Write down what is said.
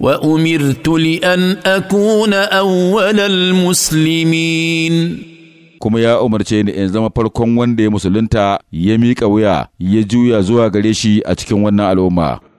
وامرت لان اكون اول المسلمين kuma ya umarce ni in zama farkon wanda ya musulunta ya miƙa wuya ya juya zuwa gare shi a cikin wannan al'umma